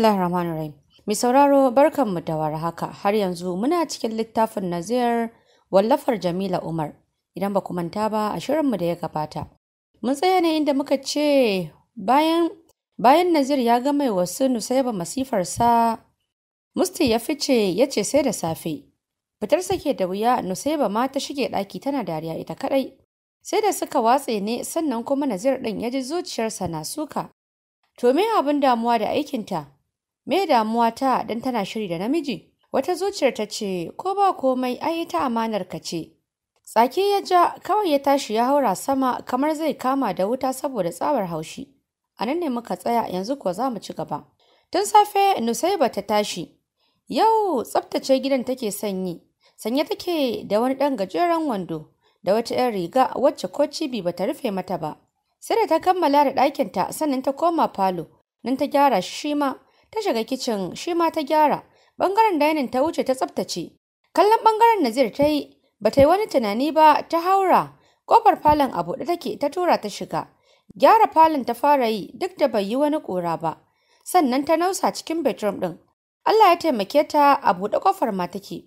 Bismillah Rahman Rahim. Mi sauraro barkanmu da warhaka har yanzu muna cikin littafin Nazir wallafar Jamila Umar. Idan ba ku manta ba a shirinmu da ya gabata. Mun tsaya ne inda muka ce bayan bayan Nazir ya ga mai wasu Nusaiba masifarsa Musti ya fice ya ce sai da safe. Fitar sake da wuya Nusaiba ma ta shige ɗaki tana dariya ita kaɗai. Sai da suka watse ne sannan kuma Nazir ɗin ya ji zuciyarsa na suka. To me abin damuwa da aikinta? me damuwa ta dan tana shiri da namiji wata zuciyar ta ce ko ba komai ai ta amanar ka ce tsaki ya ja kawai ya tashi ya haura sama kamar zai kama da wuta saboda tsawar haushi a nan ne muka tsaya yanzu kuwa za mu ci gaba tun safe nusaiba ta tashi yau tsaftace gidan take sanyi sanye take da wani ɗan gajeren wando da wata 'yan riga wacce ko cibi ba ta rufe mata ba sai da ta kammala da ɗakinta sannan ta koma falo nan ta gyara shi ma ta shiga kicin shi ma ta gyara bangaren dainin ta wuce ta tsaftace kallon bangaren nazir ta yi ba ta yi wani tunani ba ta haura Ƙofar falon a buɗe take ta tura ta shiga gyara falon ta fara yi duk da bai yi wani ƙura ba sannan ta nausa cikin bedroom ɗin Allah ya taimake ta a buɗe kofar ma take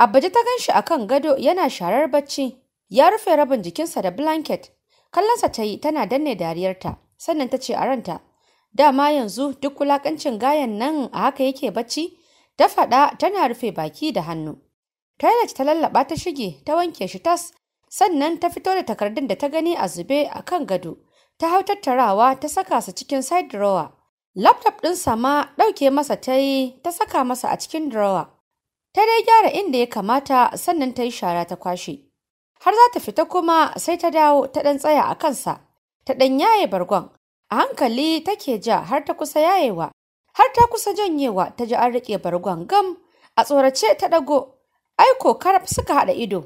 Abuja ta gan shi akan gado yana sharar bacci ya rufe rabin jikinsa da blanket kallonsa ta yi tana danne dariyarta sannan ta ce a ranta dama yanzu duk wulaƙancin gayan nan a haka yake bacci ta faɗa tana rufe baki da hannu toilet ta lallaɓa ta shige ta wanke shi tas sannan ta fito da takardun da ta gani a zube a kan gado ta hau tattarawa ta saka su cikin side drawer laptop ɗin sama ɗauke masa ta yi ta saka masa a cikin drawer ta dai gyara inda ya kamata sannan ta yi shara ta kwashe har za ta fita kuma sai ta dawo ta ɗan tsaya a kansa ta ɗan yaye bargon A hankali take ja har ta kusa yayewa, har ta kusa janyewa ta ji an riƙe bargon gam a tsorace ta ɗago, aiko karaf suka haɗa ido.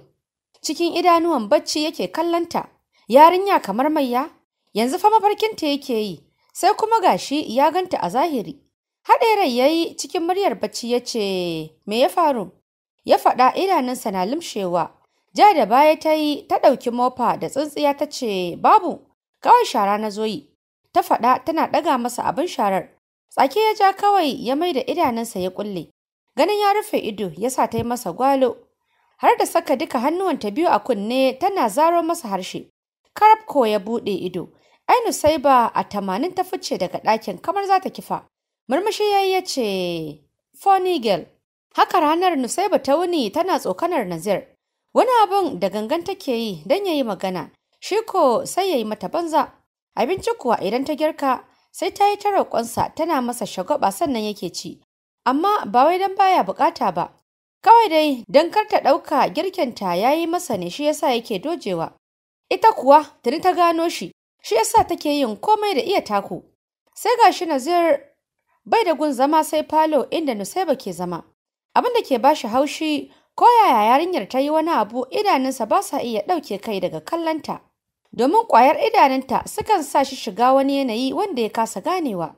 Cikin idanuwan bacci yake kallanta, yarinya kamar maiya, yanzu fa mafarkinta yake yi, sai kuma gashi ya ganta a zahiri. Haɗe rai ya yi cikin muryar bacci yace ce, Me ya faru? Ya faɗa idanunsa na limshewa. Ja da baya ta yi ta ɗauki mofa da tsintsiya ta ce, Babu, kawai shara na zo ta faɗa tana ɗaga masa abin sharar. Tsake ya ja kawai ya mai da idanunsa ya ƙulle. Ganin ya rufe ido ya sa ta yi masa gwalo. Har da saka duka ta biyu a kunne tana zaro masa harshe. Karab ko ya buɗe ido. Ainu sai ba a tamanin ta fice daga ɗakin kamar za ta kifa. Murmushi ya yi ya ce, Fonigel. Haka ranar Nusaiba ta wuni tana tsokanar Nazir. Wani abin da gangan take yi don ya yi magana, shi ko sai ya yi mata banza. abinci kuwa idan ta girka sai ta yi ta roƙonsa tana masa shagwaba sannan yake ci amma ba wai don baya bukata ba kawai dai don kar ta ɗauka ta ya yi masa ne shi yasa yake dojewa ita kuwa tuni ta gano shi shi yasa take yin komai da iya taku sai ga shi nazir bai da gun zama sai falo inda nusaiba ke zama abin da ke bashi haushi ko yaya yarinyar ta yi wani abu idanunsa ba sa iya ɗauke kai daga kallonta domin ƙwayar idanunta sukan sa shi shiga wani yanayi wanda ya kasa ganewa.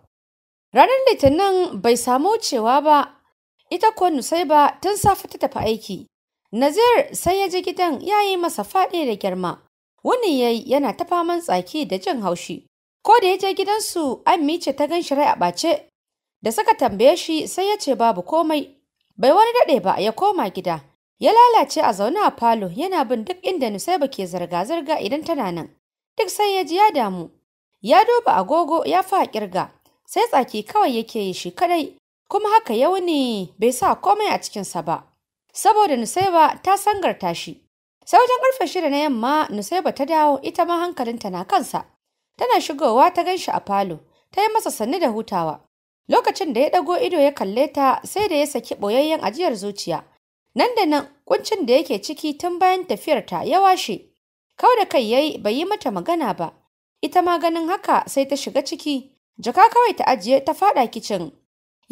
Ranar Litinin bai samu wucewa ba, ita sai Nusaiba tun safe ta tafi aiki. Nazir sai ya je gidan ya yi masa faɗi da girma. Wani ya yi yana ta faman tsaki da jin haushi. Ko da ya je gidansu, Ammi ce ta gan shirai rai a ɓace. Da suka tambaye shi sai ya ce babu komai. Bai wani daɗe ba ya koma gida. Ya lalace a zaune a falo yana bin duk inda Nusaiba ke zarga-zarga idan tana nan. Duk sai ya ji ya damu. Ya duba agogo ya fa kirga. Sai tsaki kawai yake yi shi kadai kuma haka ya wuni bai sa komai a cikinsa ba. Saboda Nusaiba ta sangarta shi. Sai wajen karfe shida na yamma Nusaiba ta dawo ita ma hankalinta na kansa. Tana shigowa ta gan shi a falo, ta yi masa sanni da hutawa. Lokacin da ya ɗago ido ya kalle ta sai da ya saki ɓoyayyen ajiyar zuciya. nan da nan kuncin da yake ciki tun bayan tafiyar ta ya washe Kau da kai yayi bai yi mata magana ba ita ma ganin haka sai ta shiga ciki jaka kawai ta ajiye ta fada kicin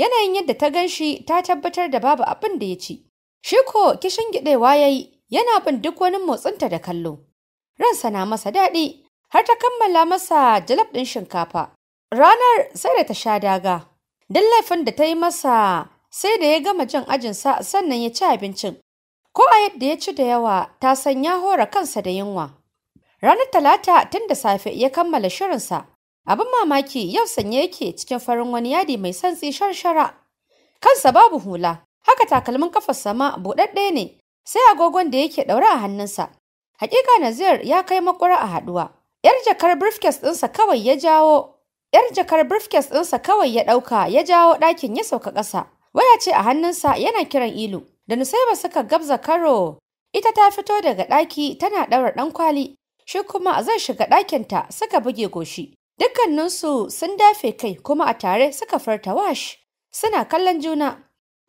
yanayin yadda ta ganshi ta tabbatar da babu abin da ya ci shi ko kishin gidewa yayi yana bin duk wani motsinta da kallo ransa na masa daɗi har ta kammala masa jalab ɗin shinkafa ranar sai da ta sha daga don laifin da ta yi masa sai da ya gama jin ajinsa sannan ya ci abincin. Ko a yadda ya ci da yawa ta san ya hora kansa da yunwa. Ranar Talata tun da safe ya kammala shirinsa. Abin mamaki yau sanye yake cikin farin wani yadi mai santsi sharshara. Kansa babu hula, haka takalmin kafar sama buɗaɗɗe ne, sai agogon da yake ɗaure a hannunsa. Hakika Nazir ya kai makura a haɗuwa. Yar jakar briefcase ɗinsa kawai ya jawo, yar jakar briefcase ɗinsa kawai ya ɗauka ya jawo ɗakin ya sauka ƙasa. Waya ce a hannunsa yana kiran ilu. Da Nusaiba suka gabza karo, ita ta fito daga ɗaki tana ɗaura ɗan kwali, shi kuma zai shiga ɗakinta suka buge goshi. Dukkaninsu sun dafe kai kuma a tare suka farta wash, suna kallon juna.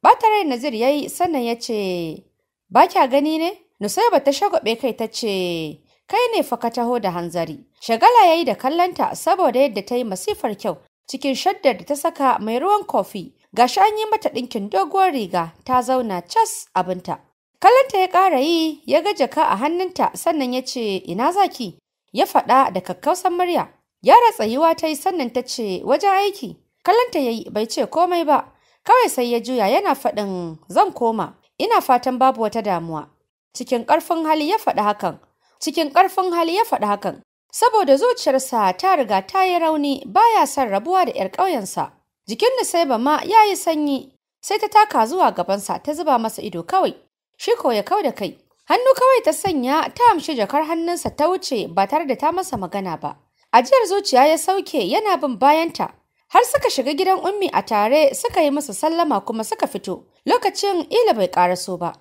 Batarai Nazir ya yi sannan ya ce, Ba kya gani ne? Nusaiba ta shagwaɓe kai ta ce, Kai ne fa ka taho da hanzari. Shagala ya yi da kallonta saboda yadda ta yi masifar kyau cikin shaddar da ta saka mai ruwan kofi gashi an yi mata ɗinkin doguwar riga ta zauna cas abinta. Kallonta ya ƙara yi ya ga jaka a hannunta sannan ya ce ina zaki ya faɗa da kakkausan murya. Yara tsayuwa ta yi sannan ta ce wajen aiki. Kallonta ya yi bai ce komai ba kawai sai ya juya yana faɗin zan koma ina fatan babu wata damuwa. Cikin ƙarfin hali ya faɗi hakan. Cikin ƙarfin hali ya faɗi hakan. Saboda zuciyarsa ta riga ta yi rauni baya son rabuwa da 'yar ƙauyensa. Jikin Nusaiba ma ya yi sanyi, sai ta taka zuwa gabansa ta zuba masa ido kawai, shi ko ya kau da kai. Hannu kawai ta sanya ta amshi jakar hannunsa ta wuce ba tare da ta masa magana ba. Ajiyar zuciya ya sauke yana bin bayanta, har suka shiga gidan ummi a tare suka yi masa sallama kuma suka fito, lokacin ila bai ƙaraso ba.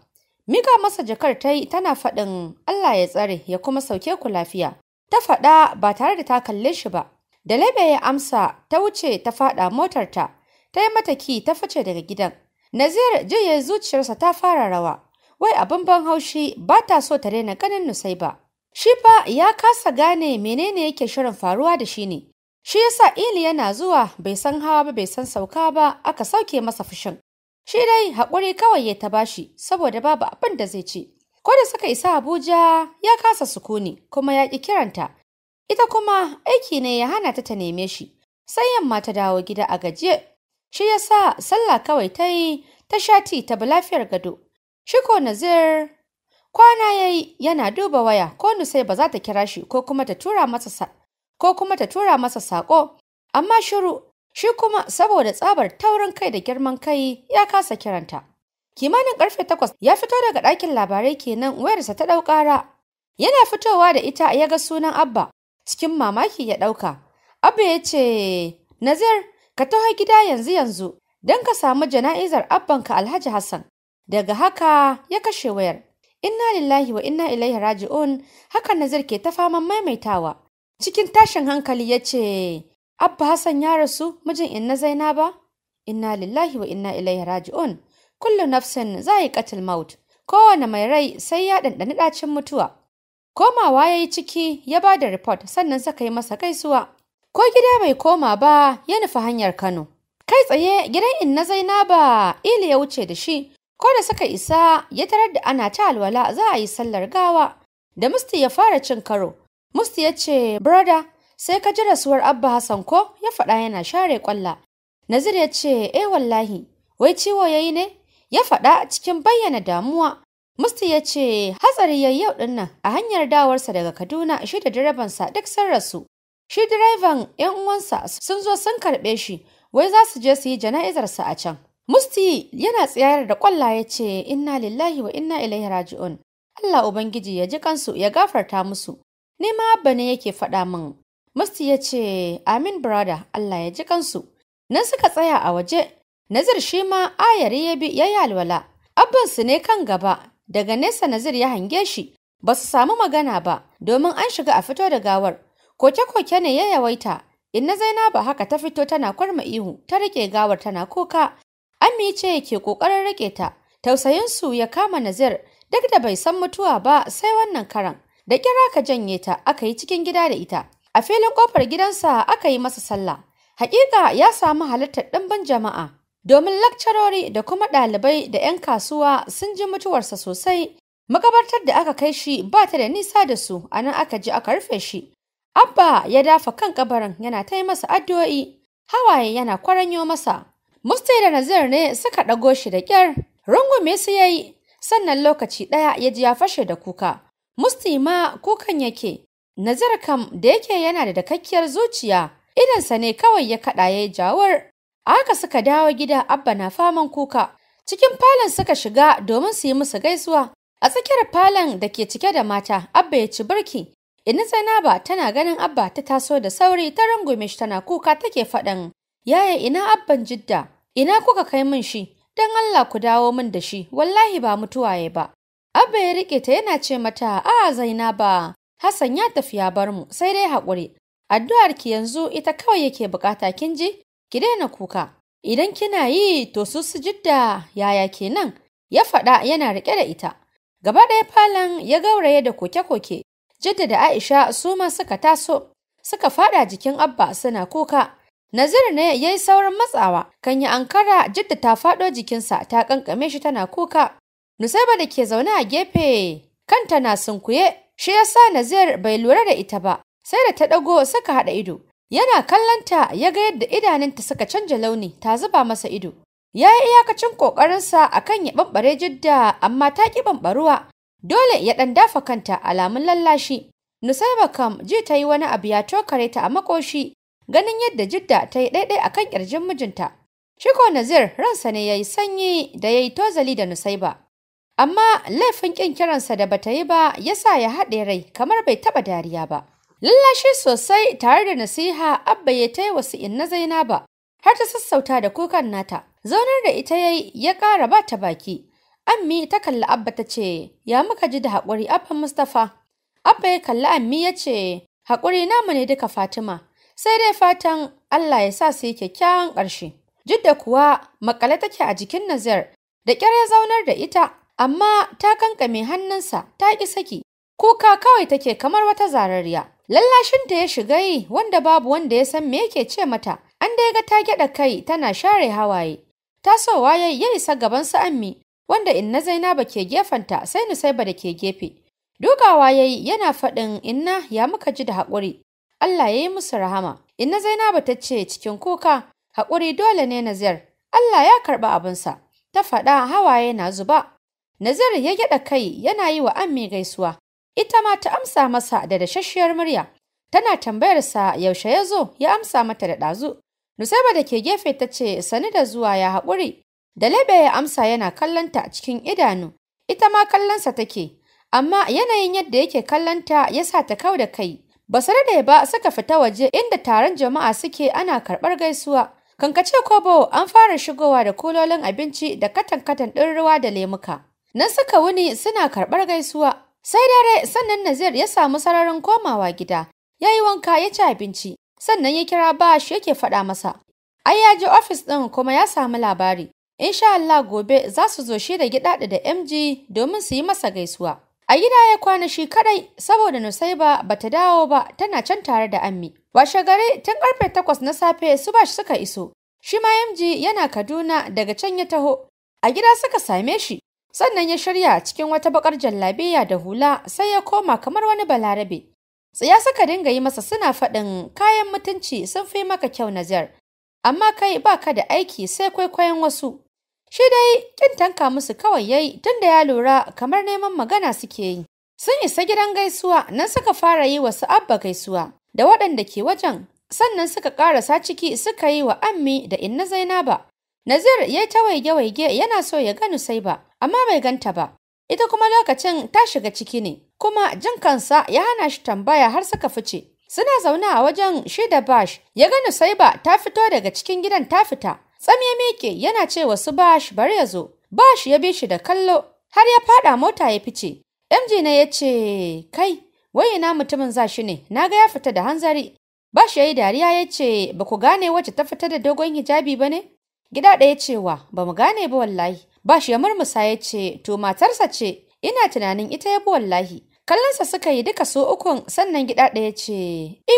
Mika masa jakar ta yi tana faɗin Allah ya tsare ya kuma sauke ku lafiya. Ta faɗa ba tare da ta kalle shi ba. Da labe ya amsa ta wuce ta faɗa motarta, ta yi mata ki ta fice daga gidan. Nazir jiya zuciyarsa ta fara rawa, wai abin ban haushi ba ta so ta daina ganin Nusaiba. Shi fa ya kasa gane menene yake shirin faruwa da shi ne. Shi yasa Ili yana zuwa bai san hawa ba bai san sauka ba aka sauke masa fushin. Shi dai haƙuri kawai ya ta bashi saboda babu abin da zai ce. Ko da suka isa Abuja ya kasa sukuni kuma ya ƙi kiranta Ita kuma aiki ne ya hana ta ta neme shi, sai yamma ta dawo gida a gajiye. Shi ya sa sallah kawai ta yi ta shati ta bi lafiyar gado. Shiko Nazir kwana ya yi yana duba waya ko Nusai ba za ta kira shi ko kuma ta tura masa sa ko kuma ta tura masa sako amma shiru shi kuma saboda tsabar taurin kai da girman kai ya kasa kiranta. Kimanin karfe takwas ya fito daga ɗakin labarai kenan wayarsa ta ɗau ƙara. Yana fitowa da ita ya ga sunan Abba cikin mamaki ya ɗauka. Abba ya ce, Nazir, ka taho gida yanzu yanzu don ka samu jana'izar abbanka Alhaji Hassan. Daga haka ya kashe wayar. Inna lillahi wa inna ilaihi raji'un hakan Nazir ke ta faman maimaitawa. Cikin tashin hankali ya ce, Abba Hassan ya rasu mijin inna Zainaba? Inna lillahi wa inna ilaihi raji'un. Kullu nafsin za a yi katil maut. Kowane mai rai sai ya ɗanɗani ɗacin mutuwa. Komawa ya yi ciki ya ba da report sannan suka yi masa gaisuwa. Ko gida bai koma ba ya nufi hanyar Kano. Kai tsaye gidan inna Zainaba ili ya wuce da shi. Ko da suka isa ya tarar da ana ta alwala za a yi sallar gawa. Da Musti ya fara cin karo. Musti ya ce, "Brother, sai ka ji rasuwar Abba Hassan ko?" ya faɗa yana share kwalla. Nazir ya ce, "Eh wallahi, wai ciwo yayi ne?" ya faɗa cikin bayyana damuwa. Musti ya ce hatsari ya yau din nan a hanyar dawarsa daga Kaduna shi da direbansa duk sun rasu. Shi direban 'yan uwansa sun zo sun karɓe shi wai za su je su yi jana'izarsa a can. Musti yana tsayar da ƙwalla ya ce inna lillahi wa inna ilaihi raji'un. Allah Ubangiji ya ji kansu ya gafarta musu. Ni ma abba ne yake faɗa min. Musti ya ce amin brother Allah ya ji kansu. Nan suka tsaya a waje. Nazir shi ma ayari ya bi ya yi alwala. Abbansu ne kan gaba daga nesa Nazir ya hange shi ba su samu magana ba domin an shiga a fito da gawar koke-koke ne ya yawaita inna Zainaba haka ta fito tana kwarma ihu ta rike gawar tana kuka Ami ce yake ƙoƙarin rike ta tausayin su ya kama Nazir duk da bai san mutuwa ba sai wannan karan da kira ka janye ta aka yi cikin gida da ita a filin ƙofar gidansa aka yi masa sallah hakika ya samu halartar ɗimbin jama'a domin lakcarori da kuma ɗalibai da 'yan kasuwa sun ji mutuwarsa sosai makabartar da aka kai shi ba ta da nisa da su a nan aka ji aka rufe shi abba ya dafa kan kabarin yana ta masa addu'o'i hawaye yana kwaranyo masa mustai da nazir ne suka ɗago shi da ƙyar rungume su ya yi sannan lokaci ɗaya ya ji ya fashe da kuka musti ma kukan yake nazir kam da yake yana da dakakkiyar zuciya idansa ne kawai ya kaɗa ya yi jawar Aka suka dawo gida Abba na faman kuka. Cikin falon suka shiga domin su yi musu gaisuwa. A tsakiyar falon da ke cike da mata, Abba ya ci birki. Ina Zainaba tana ganin Abba ta taso da sauri ta rangume shi tana kuka take faɗan. Yaya ina Abban Jidda? Ina kuka kai min shi? Don Allah ku dawo min da shi, wallahi ba mutuwa ya ba. Abba ya rike ta yana ce mata, "A Zainaba, Hassan ya tafi ya bar mu, sai dai haƙuri. Addu'ar ki yanzu ita kawai yake bukata kin ji? ki daina kuka idan kina yi to su su jidda yaya kenan ya faɗa yana riƙe da ita gaba ɗaya falon ya gauraye da koke-koke jidda da aisha su ma suka taso suka faɗa jikin abba suna kuka Nazir ne ya yi saurin matsawa, kan yi ankara jidda ta faɗo jikinsa ta kankame shi tana kuka. Nusaiba da ke zaune a gefe kanta na sunkuye, shi ya sa Nazir bai lura da ita ba, sai da ta ɗago suka haɗa ido. Yana kallonta ya ga yadda idanunta suka canja launi ta zuba masa ido. Ya yi iyakacin ƙoƙarinsa a kan ya ɓamɓare jidda amma ta ƙi ɓamɓaruwa. Dole ya ɗan dafa kanta alamun lallashi. Nusaiba kam ji ta yi wani abu ya tokare ta a makoshi ganin yadda jidda ta yi ɗaiɗai a kan ƙirjin mijinta. Shiko Nazir ransa ne ya yi sanyi da ya yi tozali da Nusaiba. Amma laifin ƙin kiransa da bata yi ba yasa ya haɗe rai kamar bai taɓa dariya ba. Lallashi sosai tare da nasiha Abba ya yi wasu inna Zainaba har ta sassauta da kukan nata. Zaunar da ita yayi ya ƙara ba ta baki. Ammi ta kalli Abba ta ce, "Ya muka ji da haƙuri Abba Mustapha." Abba ya kalli Ammi ya ce, "Haƙuri namu ne duka Fatima, sai dai fatan Allah ya sa su yi kyakkyawan ƙarshe." Jidda kuwa makale take a jikin Nazir da ƙyar ya zaunar da ita, amma ta kankame hannunsa ta ƙi saki. Kuka kawai take kamar wata zarariya. Lallashinta ya shiga yi wanda babu wanda ya san me yake ce mata, an dai ga ta gyaɗa kai tana share hawaye. Tasowa ya ya isa gaban su ammi, wanda inna Zainaba ke gefenta sai Nusaiba da ke gefe. Dukawa ya yi yana faɗin inna ya muka ji da haƙuri, Allah ya yi musu rahama. Inna Zainaba ta ce cikin kuka, haƙuri dole ne Nazir, Allah ya karɓi abinsa, ta faɗa hawaye na zuba. Nazir ya gyaɗa kai yana yi wa ammi gaisuwa, Ita ma ta amsa masa da dashashiyar murya. Tana tambayarsa yaushe ya zo ya amsa mata da ɗazu. Nusaiba da ke gefe ta ce sani da zuwa ya haƙuri. Da labe ya amsa yana kallonta a cikin idanu. Ita ma kallonsa take, amma yanayin yadda yake kallonta ya sa ta kau da kai. su da ba suka fita waje inda taron jama'a suke ana karɓar gaisuwa. Kankace kobo an fara shigowa da kulolin abinci da katan-katan ɗin ruwa da lemuka. Nan suka wuni suna karɓar gaisuwa. Sai dare sannan Nazir ya samu sararin komawa gida, ya yi wanka ya ci abinci, sannan ya kira Bash yake faɗa masa. Ai ya je ofis ɗin kuma ya samu labari. Insha Allah gobe za su zo shi da gidaɗa da MG domin su yi masa gaisuwa. A gida ya kwana shi kaɗai, saboda Nusaiba ta dawo ba tana can tare da Ammi. Washe gare tun karfe takwas na safe su bash suka iso. Shi ma MG yana Kaduna daga can ya taho. A gida suka same shi sannan ya shirya cikin wata bakar jallabiya da hula sai ya koma kamar wani balarabe. Tsaya suka dinga yi masa suna faɗin kayan mutunci sun fi maka kyau nazar, amma kai ba ka da aiki sai kwaikwayon wasu. Shi dai kin tanka musu kawai yayi tun da ya lura kamar neman magana suke yi. Sun isa gidan gaisuwa nan suka fara yi wasu abba gaisuwa da waɗanda ke wajen sannan suka ƙarasa ciki suka yi wa ammi da inna zainaba. Nazir ya ta waige-waige yana so ya gani sai ba. amma bai ganta ba. Ita kuma lokacin ta shiga ciki ne, kuma jin kansa ya hana shi tambaya har suka fice. Suna zaune a wajen shi da Bash, ya ga ba ta fito daga cikin gidan ta fita. Tsam ya miƙe yana ce wasu Bash bari ya zo. Bash ya bi shi da kallo, har ya faɗa mota ya fice. MJ na ya ce, Kai, wai ina mutumin za shi ne, na ga ya fita da hanzari. Bash ya yi dariya ya ce, Ba ku gane wacce ta fita da dogon hijabi ba ne? Gida ɗaya cewa, Ba mu gane ba wallahi. Bash ya murmusa ya ce, To matarsa ce, ina tunanin ita ya bi wallahi. Kallonsa suka yi duka so ukun sannan gida ɗaya ce,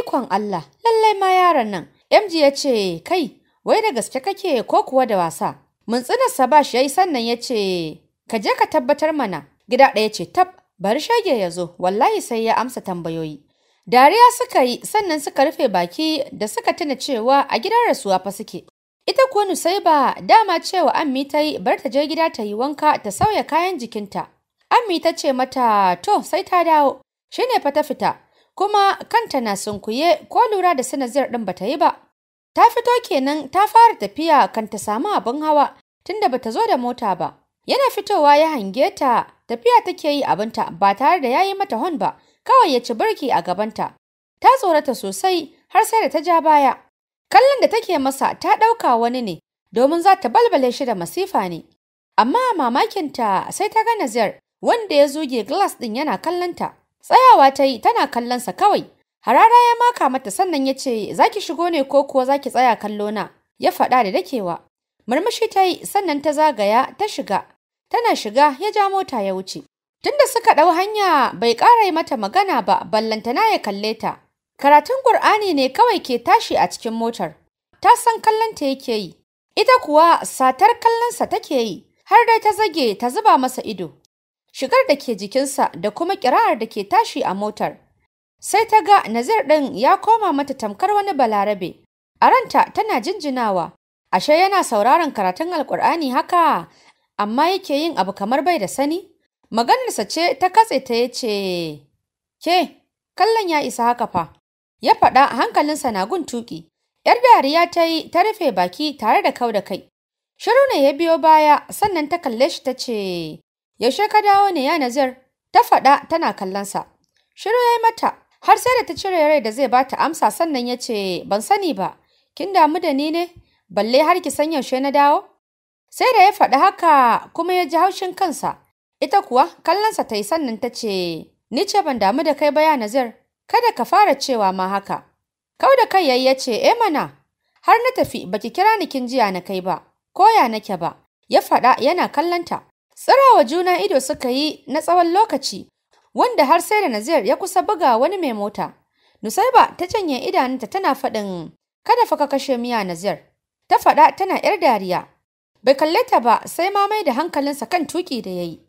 Ikon Allah, lallai ma yaron nan. MG ya ce, Kai, wai da gaske kake ko kuwa da wasa. Mun Muntsinarsa Bash ya yi sannan ya ce, Ka je ka tabbatar mana. Gida ɗaya ce, Tab, bari shage ya zo, wallahi sai ya amsa tambayoyi. Dariya suka yi sannan suka rufe baki da suka tuna cewa a gidan rasuwa fa suke. Ita kuwa Nusaiba dama cewa Ammi ta yi bar ta je gida ta yi wanka ta sauya kayan jikinta. Ammi ta ce mata to sai ta dawo shi ne fa ta fita kuma kanta na sunkuye ko lura da sanazir ɗin ba ta yi ba. Ta fito kenan ta fara tafiya kan ta samu abin hawa tunda ta zo da mota ba. Yana fitowa ya hange ta tafiya take yi abinta ba tare da ya yi mata hon ba kawai ya ci birki a gabanta. Ta tsorata sosai har sai da ta ja baya. Kallon da take masa ta ɗauka wani ne domin za ta balbale shi da masifa ne. Amma mamakinta sai ta ga Nazir wanda ya zuge glass ɗin yana kallonta. Tsayawa ta yi tana kallonsa kawai. Harara ya maka mata sannan ya ce za ki shigo ne ko kuwa za ki tsaya kallo na ya faɗa da dakewa. Murmushi ta yi sannan ta zagaya ta shiga. Tana shiga ya ja mota ya wuce. Tunda suka ɗau hanya bai ƙara yi mata magana ba ballantana ya kalle ta. Karatun Ƙur'ani ne kawai ke tashi a cikin motar. Ta san kallonta yake yi, ita kuwa satar kallonsa take yi, har dai ta zage ta zuba masa ido. Shigar da ke jikinsa da kuma ƙirar da ke tashi a motar. Sai ta ga Nazir ɗin ya koma mata tamkar wani balarabe. A ranta tana jinjinawa, ashe yana sauraron karatun Alƙur'ani haka, amma yake yin abu kamar bai da sani. Maganarsa ce ta katse ta ya ce, Ke, kallon ya isa haka fa. ya faɗa a hankalinsa na gun tuƙi. ‘Yar dariya ta yi ta rufe baki tare da kau da kai. Shiru ne ya biyo baya sannan ta kalle shi ta ce, Yaushe ka dawo ne ya Nazir? Ta faɗa tana kallonsa. Shiru ya yi mata, har sai da ta cire rai da zai bata amsa sannan ya ce, Ban sani ba, kin damu da ni ne? Balle har ki san yaushe na dawo? Sai da ya faɗi haka kuma ya ji haushin kansa. Ita kuwa kallonsa ta yi sannan ta ce, Ni ce ban damu da kai ba ya Nazir, kada ka fara cewa ma haka. Kau da kai yayi ya ce, "E mana, har na tafi baki kira ni kin jiya na kai ba, koya nake ba." Ya faɗa yana kallanta. Tsirawa juna ido suka yi na tsawon lokaci, wanda har sai da Nazir ya kusa buga wani mai mota. Nusaiba ta canye idanunta tana faɗin, "Kada fa ka kashe miya Nazir." Ta faɗa tana ‘yar dariya. Bai kalle ta ba sai ma mai da hankalinsa kan tuki da yayi.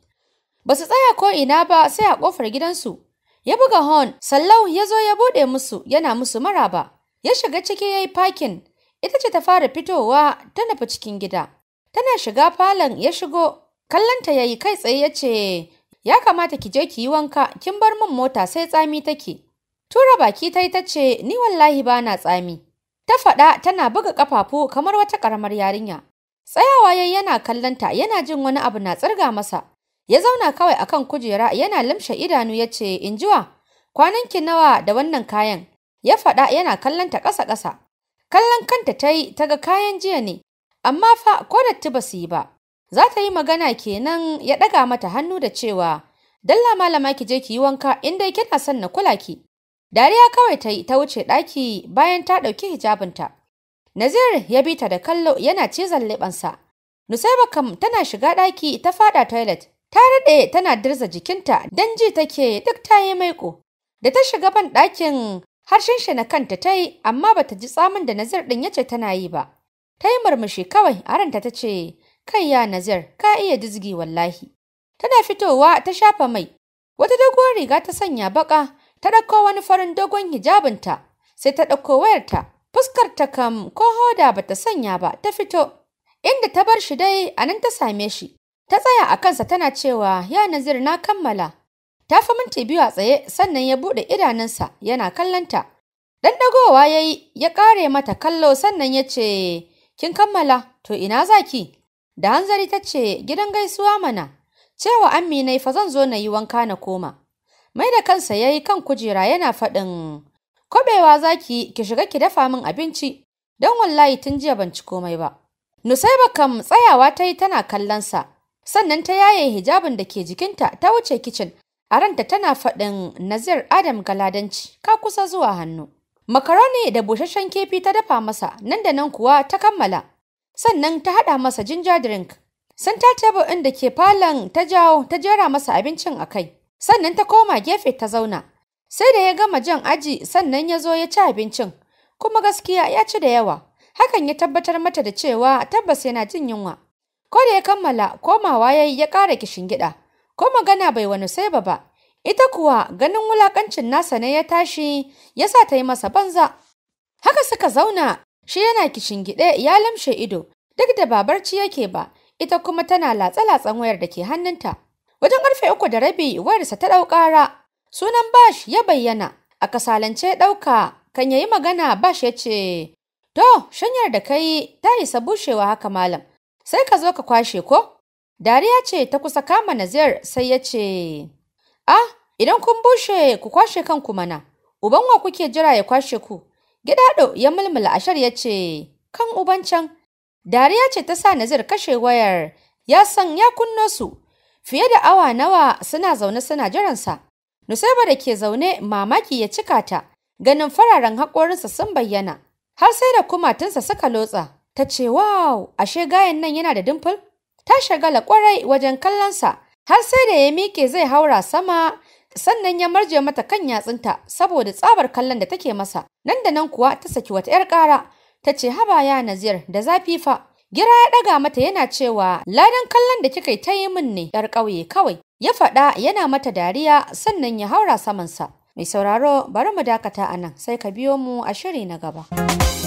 basu tsaya ko ina ba sai a ƙofar gidansu ya buga horn sallau ya zo ya bude musu yana musu maraba ya shiga ciki ya yi parking ita ce ta fara fitowa ta nufi cikin gida tana shiga falon ya shigo kallonta ya yi kai tsaye ya ce ya kamata ki je ki yi wanka kin bar min mota sai tsami take tura baki ta yi ta ce ni wallahi ba na tsami ta faɗa tana buga ƙafafu kamar wata ƙaramar yarinya tsayawa yayi yana kallonta yana jin wani abu na tsirga masa ya zauna kawai a kan kujera yana limshe idanu ya ce "In injiwa ki nawa da wannan kayan ya faɗa yana kallon ta ƙasa ƙasa kallon kanta ta yi ta ga kayan jiya ne amma fa ko datti ba su yi ba za ta yi magana kenan ya ɗaga mata hannu da cewa dalla malama ki je ki yi wanka in dai kina son na kula ki dariya kawai ta yi ta wuce ɗaki bayan ta ɗauki hijabinta nazir ya bi ta da kallo yana cizon leɓensa nusaiba kam tana shiga ɗaki ta faɗa toilet Ta rade tana dirza jikinta don ji take duk ta yi maiko. Da ta shiga ban ɗakin harshen shi na kanta ta yi amma bata ji tsamin da Nazir ɗin ya ce tana yi ba. Ta yi murmushi kawai a ta ce, Kai ya Nazir, ka iya dizgi wallahi. Tana fitowa ta shafa mai, wata dogon riga ta sanya baka, ta ɗauko wani farin dogon hijabinta, sai ta ɗauko wayarta, fuskar ta kam ko hoda bata sanya ba ta fito. Inda ta bar shi dai a nan ta same shi, Ta tsaya a kansa tana cewa, "Ya Nazir na kammala." Ta fi minti biyu a tsaye sannan ya buɗe idanunsa yana kallonta. Dan dagowa ya yi ya ƙare mata kallo sannan ya ce, Kin kammala, to ina zaki? Da hanzari ta ce, Gidan gaisuwa mana, cewa Amina fa zan zo na yi wanka na koma. Mai da kansa ya yi kan kujera yana faɗin, Kwabewa zaki ki shiga ki dafa min abinci, don wallahi tun jiya ban ci komai ba. Nusaiba kam tsayawa ta yi tana kallonsa, sannan ta yaye hijabin da ke jikinta ta wuce kicin a ranta tana faɗin Nazir Adam Galadanci ka kusa zuwa hannu. Makaroni da busasshen kefi ta dafa masa nan da nan kuwa ta kammala sannan ta haɗa masa jinja drink. Santa table ɗin da ke falon ta jawo ta jera masa abincin a kai sannan ta koma gefe ta zauna. Sai da ya gama jan aji sannan ya zo ya ci abincin kuma gaskiya ya ci da yawa. Hakan ya tabbatar mata da cewa tabbas yana jin yunwa. Ko da ya kammala komawa ya yi ya ƙara gida ko magana bai wani sai ba ba, ita kuwa ganin wulaƙancin nasa ne ya tashi ya sa ta yi masa banza. Haka suka zauna shi yana gida ya lamshe ido duk da ba barci yake ba, ita kuma tana latsa-latsan wayar da ke hannunta. Wajen ƙarfe uku da rabi wayarsa ta ɗau ƙara, sunan Bash ya bayyana, a kasalance ɗauka kan yayi magana Bash ya ce, To, shanyar da kai ta isa bushewa haka malam, sai ka zo ka kwashe ko? Dariya ce ta kusa kama Nazir sai ya ce, Ah, idan kun bushe ku kwashe kanku mana, uban wa kuke jira ya kwashe ku? Gidado ya mulmula ashar ya ce, Kan uban can. Dariya ce ta sa Nazir kashe wayar, ya san ya kunno su. Fiye da awa nawa suna zaune suna jiransa. Nusaiba da ke zaune mamaki ya cika ta, ganin fararen haƙorinsa sun bayyana, har sai da kumatunsa suka lotsa. ta ce wow ashe gayan nan yana da dimfil? ta shagala kwarai wajen kallonsa har sai da ya miƙe zai haura sama sannan ya marje mata kan yatsunta saboda tsabar kallon da take masa nan da nan kuwa ta saki wata 'yar ƙara ta ce haba ya nazir da zafi fa gira ya ɗaga mata yana cewa ladan kallon da kika ta yi min ne 'yar ƙauye kawai ya faɗa yana mata dariya sannan ya haura samansa mai sauraro bari mu dakata anan, sai ka biyo mu a shiri na gaba.